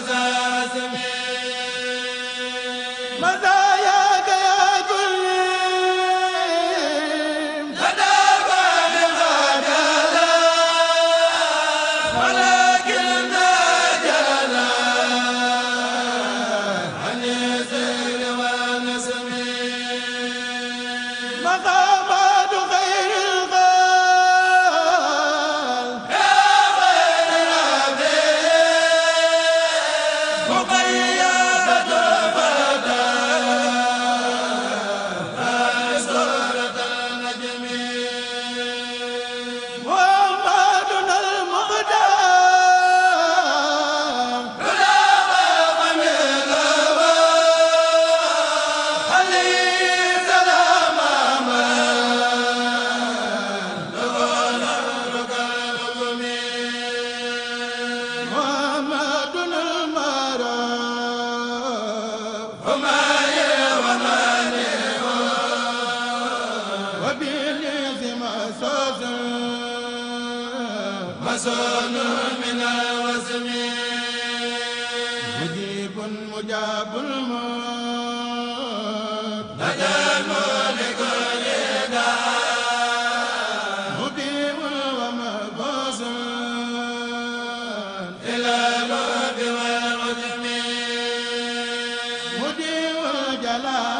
ذا حسن من وزم مجيب مجاب الموت ندم لكل داء مقيم ومبعوث إلى البر والعدم مدير الجلال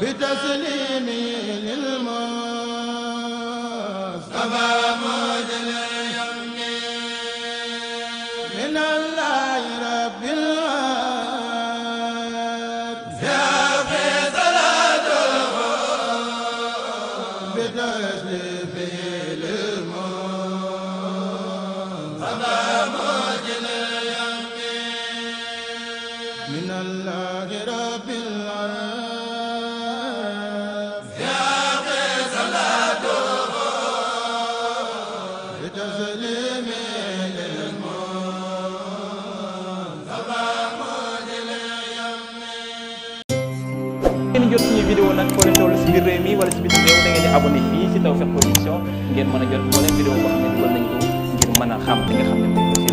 bi taslim vidéo nag foo leen toll si biir réew mi wala si bitim réew da ngeen di abonné fii si Tawfekh a jot moo leen vidéo boo xam ne dugal nañ ko ngir mën a xam